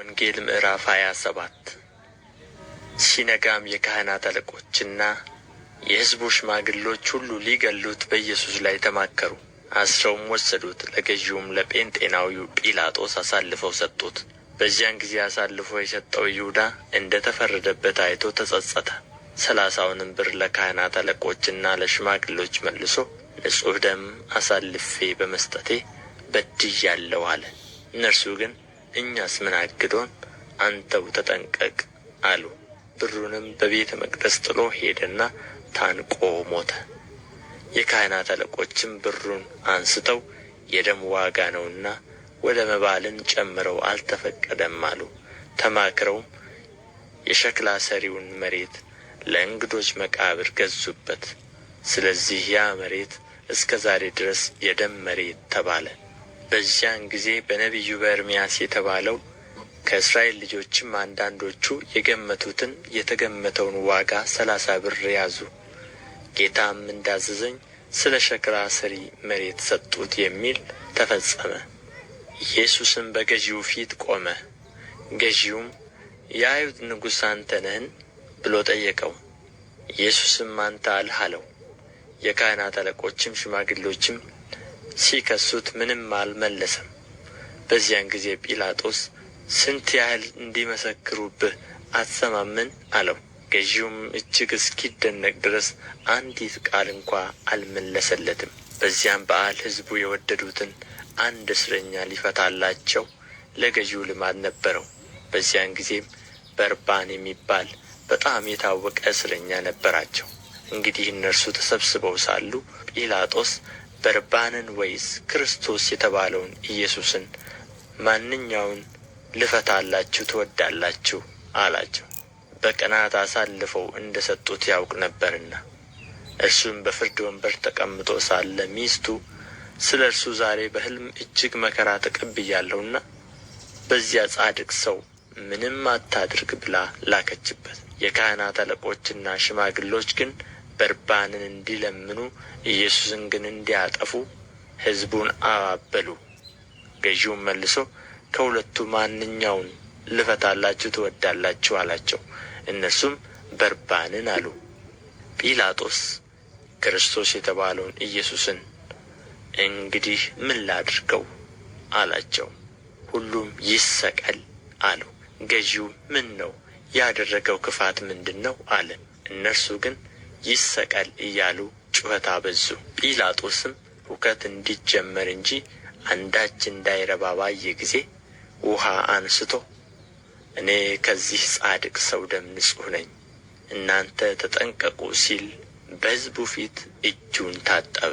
ወንጌል ምዕራፍ 27 ሰባት ሲነጋም የካህናት አለቆችና የሕዝቡ ሽማግሎች ሁሉ ሊገሉት በኢየሱስ ላይ ተማከሩ። አስረውም ወሰዱት፣ ለገዢውም ለጴንጤናዊው ጲላጦስ አሳልፈው ሰጡት። በዚያን ጊዜ አሳልፎ የሰጠው ይሁዳ እንደ ተፈረደበት አይቶ ተጸጸተ። ሰላሳውንም ብር ለካህናት አለቆችና ለሽማግሎች መልሶ ንጹሕ ደም አሳልፌ በመስጠቴ በድያለሁ አለ። እነርሱ ግን እኛስ ምን አግዶን አንተው ተጠንቀቅ አሉ ብሩንም በቤተ መቅደስ ጥሎ ሄደና ታንቆ ሞተ የካህናት አለቆችም ብሩን አንስተው የደም ዋጋ ነውና ወደ መባልን ጨምረው አልተፈቀደም አሉ ተማክረውም የሸክላ ሰሪውን መሬት ለእንግዶች መቃብር ገዙበት ስለዚህ ያ መሬት እስከ ዛሬ ድረስ የደም መሬት ተባለ በዚያን ጊዜ በነቢዩ በኤርምያስ የተባለው ከእስራኤል ልጆችም አንዳንዶቹ የገመቱትን የተገመተውን ዋጋ ሰላሳ ብር ያዙ። ጌታም እንዳዘዘኝ ስለ ሸክላ ሰሪ መሬት ሰጡት የሚል ተፈጸመ። ኢየሱስም በገዢው ፊት ቆመ። ገዢውም የአይሁድ ንጉሥ አንተ ነህን ብሎ ጠየቀው። ኢየሱስም አንተ አልህ አለው። የካህናት አለቆችም ሽማግሎችም ሲከሱት ምንም አልመለሰም። በዚያን ጊዜ ጲላጦስ ስንት ያህል እንዲመሰክሩብህ አትሰማምን አለው። ገዢውም እጅግ እስኪደነቅ ድረስ አንዲት ቃል እንኳ አልመለሰለትም። በዚያም በዓል ሕዝቡ የወደዱትን አንድ እስረኛ ሊፈታላቸው ለገዢው ልማድ ነበረው። በዚያን ጊዜም በርባን የሚባል በጣም የታወቀ እስረኛ ነበራቸው። እንግዲህ እነርሱ ተሰብስበው ሳሉ ጲላጦስ በርባንን ወይስ ክርስቶስ የተባለውን ኢየሱስን ማንኛውን ልፈታላችሁ ትወዳላችሁ አላቸው በቅናት አሳልፈው እንደ ሰጡት ያውቅ ነበርና እርሱም በፍርድ ወንበር ተቀምጦ ሳለ ሚስቱ ስለ እርሱ ዛሬ በሕልም እጅግ መከራ ተቀብያለሁና በዚያ ጻድቅ ሰው ምንም አታድርግ ብላ ላከችበት። የካህናት አለቆችና ሽማግሎች ግን በርባንን እንዲለምኑ ኢየሱስን ግን እንዲያጠፉ ሕዝቡን አባበሉ። ገዢውም መልሶ ከሁለቱ ማንኛውን ልፈታላችሁ ትወዳላችሁ? አላቸው። እነርሱም በርባንን አሉ። ጲላጦስ ክርስቶስ የተባለውን ኢየሱስን እንግዲህ ምን ላድርገው አላቸው። ሁሉም ይሰቀል አሉ። ገዢው ምን ነው ያደረገው ክፋት ምንድን ነው አለ። እነርሱ ግን ይሰቀል እያሉ ጩኸት አበዙ ጲላጦስም ሁከት እንዲጀመር እንጂ አንዳች እንዳይረባ ባየ ጊዜ ውሃ አንስቶ! እኔ ከዚህ ጻድቅ ሰው ደም ንጹሕ ነኝ እናንተ ተጠንቀቁ ሲል በሕዝቡ ፊት እጁን ታጠበ።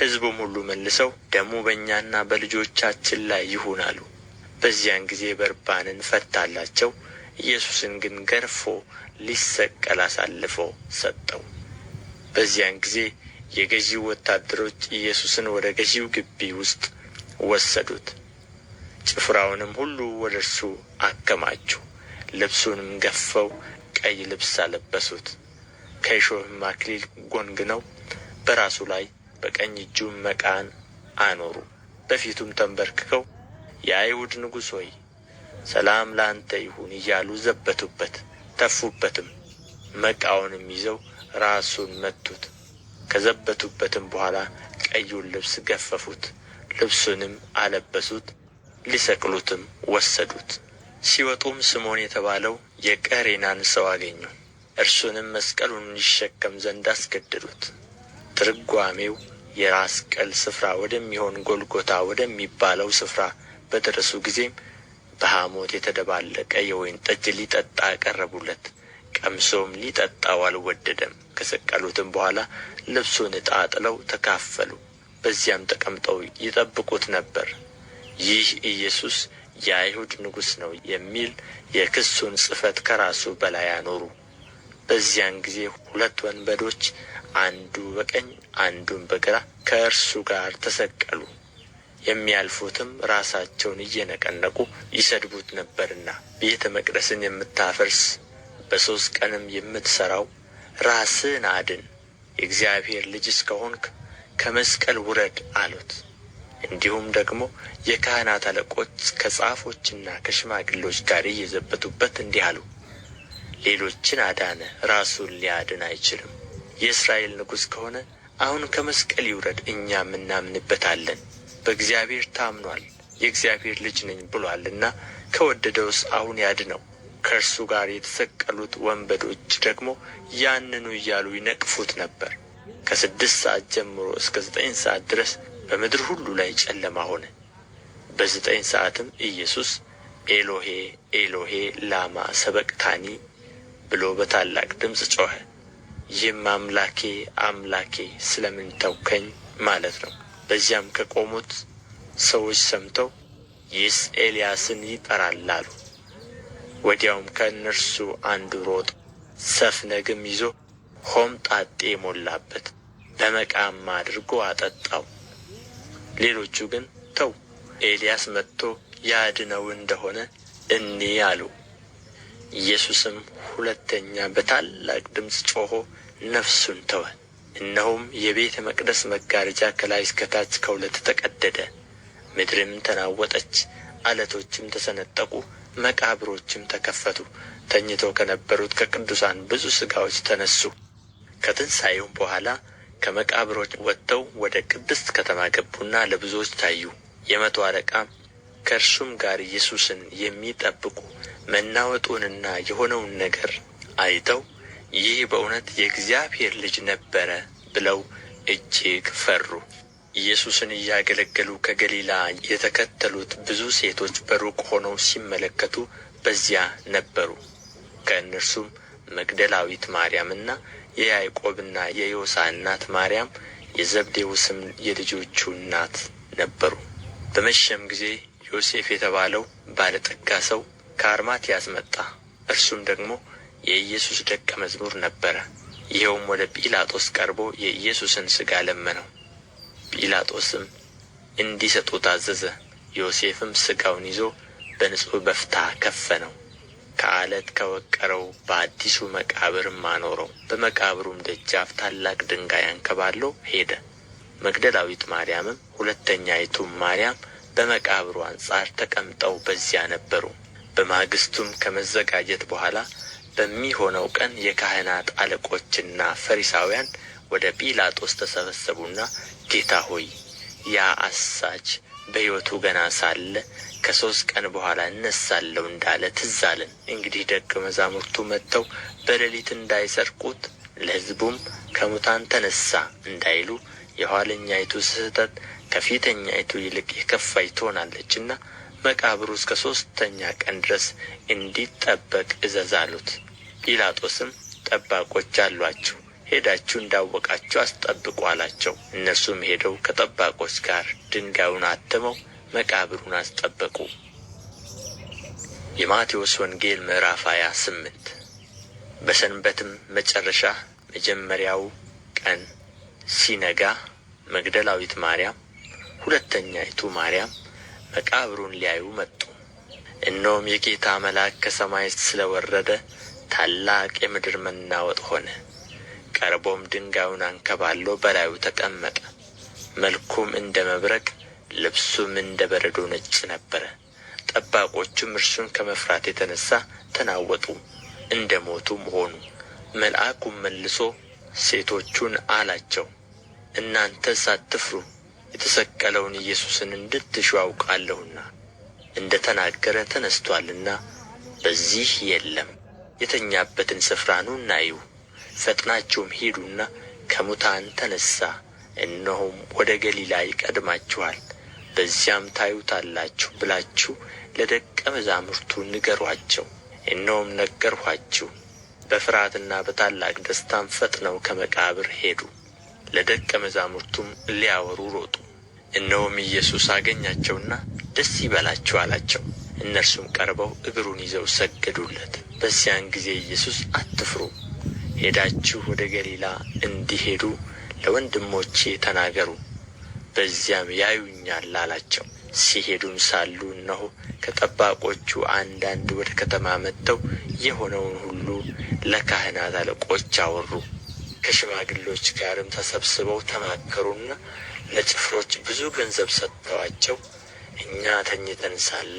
ሕዝቡም ሁሉ መልሰው ደሙ በእኛና በልጆቻችን ላይ ይሁን አሉ። በዚያን ጊዜ በርባንን ፈታላቸው ኢየሱስን ግን ገርፎ ሊሰቀል አሳልፎ ሰጠው በዚያን ጊዜ የገዢው ወታደሮች ኢየሱስን ወደ ገዢው ግቢ ውስጥ ወሰዱት ጭፍራውንም ሁሉ ወደ እርሱ አከማቹ ልብሱንም ገፈው ቀይ ልብስ አለበሱት ከእሾህም አክሊል ጎንግነው በራሱ ላይ በቀኝ እጁም መቃን አኖሩ በፊቱም ተንበርክከው የአይሁድ ንጉሥ ሆይ ሰላም ለአንተ ይሁን እያሉ ዘበቱበት ተፉበትም መቃውንም ይዘው ራሱን መቱት ከዘበቱበትም በኋላ ቀዩን ልብስ ገፈፉት ልብሱንም አለበሱት ሊሰቅሉትም ወሰዱት ሲወጡም ስምዖን የተባለው የቀሬናን ሰው አገኙ እርሱንም መስቀሉን ይሸከም ዘንድ አስገደዱት ትርጓሜው የራስ ቅል ስፍራ ወደሚሆን ጎልጎታ ወደሚባለው ስፍራ በደረሱ ጊዜም በሐሞት የተደባለቀ የወይን ጠጅ ሊጠጣ ቀረቡለት ቀምሶም ሊጠጣው አልወደደም ከሰቀሉትም በኋላ ልብሱን ዕጣ ጥለው ተካፈሉ በዚያም ተቀምጠው ይጠብቁት ነበር ይህ ኢየሱስ የአይሁድ ንጉሥ ነው የሚል የክሱን ጽሕፈት ከራሱ በላይ አኖሩ በዚያን ጊዜ ሁለት ወንበዶች አንዱ በቀኝ አንዱም በግራ ከእርሱ ጋር ተሰቀሉ የሚያልፉትም ራሳቸውን እየነቀነቁ ይሰድቡት ነበርና ቤተ መቅደስን የምታፈርስ በሦስት ቀንም የምትሠራው ራስህን አድን የእግዚአብሔር ልጅስ ከሆንህ ከመስቀል ውረድ አሉት። እንዲሁም ደግሞ የካህናት አለቆች ከጻፎችና ከሽማግሎች ጋር እየዘበቱበት እንዲህ አሉ፣ ሌሎችን አዳነ፣ ራሱን ሊያድን አይችልም። የእስራኤል ንጉሥ ከሆነ አሁን ከመስቀል ይውረድ፣ እኛም እናምንበታለን። በእግዚአብሔር ታምኗል፣ የእግዚአብሔር ልጅ ነኝ ብሏልና ከወደደውስ አሁን ያድነው። ከእርሱ ጋር የተሰቀሉት ወንበዶች ደግሞ ያንኑ እያሉ ይነቅፉት ነበር። ከስድስት ሰዓት ጀምሮ እስከ ዘጠኝ ሰዓት ድረስ በምድር ሁሉ ላይ ጨለማ ሆነ። በዘጠኝ ሰዓትም ኢየሱስ ኤሎሄ ኤሎሄ ላማ ሰበቅታኒ ብሎ በታላቅ ድምፅ ጮኸ። ይህም አምላኬ አምላኬ ስለምን ተውከኝ ማለት ነው። በዚያም ከቆሙት ሰዎች ሰምተው ይህስ ኤልያስን ይጠራል አሉ ወዲያውም ከእነርሱ አንዱ ሮጦ ሰፍነግም ይዞ ሆምጣጤ ሞላበት በመቃም አድርጎ አጠጣው ሌሎቹ ግን ተው ኤልያስ መጥቶ ያድነው እንደሆነ እንይ አሉ ኢየሱስም ሁለተኛ በታላቅ ድምፅ ጮኾ ነፍሱን ተወ እነሆም የቤተ መቅደስ መጋረጃ ከላይ እስከ ታች ከሁለት ተቀደደ ምድርም ተናወጠች ዓለቶችም ተሰነጠቁ መቃብሮችም ተከፈቱ ተኝተው ከነበሩት ከቅዱሳን ብዙ ሥጋዎች ተነሱ ከትንሣኤውም በኋላ ከመቃብሮች ወጥተው ወደ ቅድስት ከተማ ገቡና ለብዙዎች ታዩ የመቶ አለቃ ከእርሱም ጋር ኢየሱስን የሚጠብቁ መናወጡንና የሆነውን ነገር አይተው ይህ በእውነት የእግዚአብሔር ልጅ ነበረ ብለው እጅግ ፈሩ። ኢየሱስን እያገለገሉ ከገሊላ የተከተሉት ብዙ ሴቶች በሩቅ ሆነው ሲመለከቱ በዚያ ነበሩ። ከእነርሱም መግደላዊት ማርያምና የያዕቆብና የዮሳ እናት ማርያም የዘብዴዎስም የልጆቹ እናት ነበሩ። በመሸም ጊዜ ዮሴፍ የተባለው ባለጠጋ ሰው ከአርማትያስ መጣ። እርሱም ደግሞ የኢየሱስ ደቀ መዝሙር ነበረ። ይኸውም ወደ ጲላጦስ ቀርቦ የኢየሱስን ሥጋ ለመነው። ጲላጦስም እንዲሰጡት አዘዘ። ዮሴፍም ሥጋውን ይዞ በንጹሕ በፍታ ከፈነው፣ ከዓለት ከወቀረው በአዲሱ መቃብርም አኖረው። በመቃብሩም ደጃፍ ታላቅ ድንጋይ አንከባሎ ሄደ። መግደላዊት ማርያምም ሁለተኛይቱም ማርያም በመቃብሩ አንጻር ተቀምጠው በዚያ ነበሩ። በማግስቱም ከመዘጋጀት በኋላ በሚሆነው ቀን የካህናት አለቆችና ፈሪሳውያን ወደ ጲላጦስ ተሰበሰቡና ጌታ ሆይ ያ አሳች በሕይወቱ ገና ሳለ ከሦስት ቀን በኋላ እነሳለሁ እንዳለ ትዝ አለን። እንግዲህ ደቀ መዛሙርቱ መጥተው በሌሊት እንዳይሰርቁት ለሕዝቡም ከሙታን ተነሳ እንዳይሉ የኋለኛይቱ ስህተት ከፊተኛይቱ ይልቅ የከፋይ ትሆናለችና መቃብሩ እስከ ሦስተኛ ቀን ድረስ እንዲጠበቅ እዘዝ አሉት። ጲላጦስም ጠባቆች አሏችሁ፣ ሄዳችሁ እንዳወቃችሁ አስጠብቁ አላቸው። እነርሱም ሄደው ከጠባቆች ጋር ድንጋዩን አትመው መቃብሩን አስጠበቁ። የማቴዎስ ወንጌል ምዕራፍ ሃያ ስምንት በሰንበትም መጨረሻ መጀመሪያው ቀን ሲነጋ መግደላዊት ማርያም፣ ሁለተኛይቱ ማርያም፣ መቃብሩን ሊያዩ መጡ። እነሆም የጌታ መልአክ ከሰማይ ስለ ወረደ ታላቅ የምድር መናወጥ ሆነ። ቀርቦም ድንጋዩን አንከባሎ በላዩ ተቀመጠ። መልኩም እንደ መብረቅ፣ ልብሱም እንደ በረዶ ነጭ ነበረ። ጠባቆቹም እርሱን ከመፍራት የተነሣ ተናወጡ፣ እንደ ሞቱም ሆኑ። መልአኩም መልሶ ሴቶቹን አላቸው፣ እናንተስ አትፍሩ የተሰቀለውን ኢየሱስን እንድትሹ አውቃለሁና እንደ ተናገረ ተነስቶአልና በዚህ የለም። የተኛበትን ስፍራ ኑና እዩ። ፈጥናችሁም ሂዱና ከሙታን ተነሣ፣ እነሆም ወደ ገሊላ ይቀድማችኋል፣ በዚያም ታዩታላችሁ ብላችሁ ለደቀ መዛሙርቱ ንገሯቸው። እነሆም ነገርኋችሁ። በፍርሃትና በታላቅ ደስታም ፈጥነው ከመቃብር ሄዱ፣ ለደቀ መዛሙርቱም ሊያወሩ ሮጡ። እነሆም ኢየሱስ አገኛቸውና ደስ ይበላችሁ አላቸው እነርሱም ቀርበው እግሩን ይዘው ሰገዱለት በዚያን ጊዜ ኢየሱስ አትፍሩ ሄዳችሁ ወደ ገሊላ እንዲሄዱ ለወንድሞቼ ተናገሩ በዚያም ያዩኛል አላቸው። ሲሄዱም ሳሉ እነሆ ከጠባቆቹ አንዳንድ ወደ ከተማ መጥተው የሆነውን ሁሉ ለካህናት አለቆች አወሩ። ከሽማግሎች ጋርም ተሰብስበው ተማከሩና ለጭፍሮች ብዙ ገንዘብ ሰጥተዋቸው እኛ ተኝተን ሳለ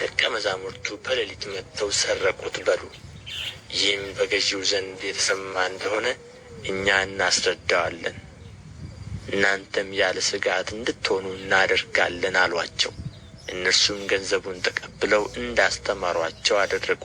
ደቀ መዛሙርቱ በሌሊት መጥተው ሰረቁት በሉ። ይህም በገዢው ዘንድ የተሰማ እንደሆነ እኛ እናስረዳዋለን፣ እናንተም ያለ ስጋት እንድትሆኑ እናደርጋለን አሏቸው። እነርሱም ገንዘቡን ተቀብለው እንዳስተማሯቸው አደረጉ።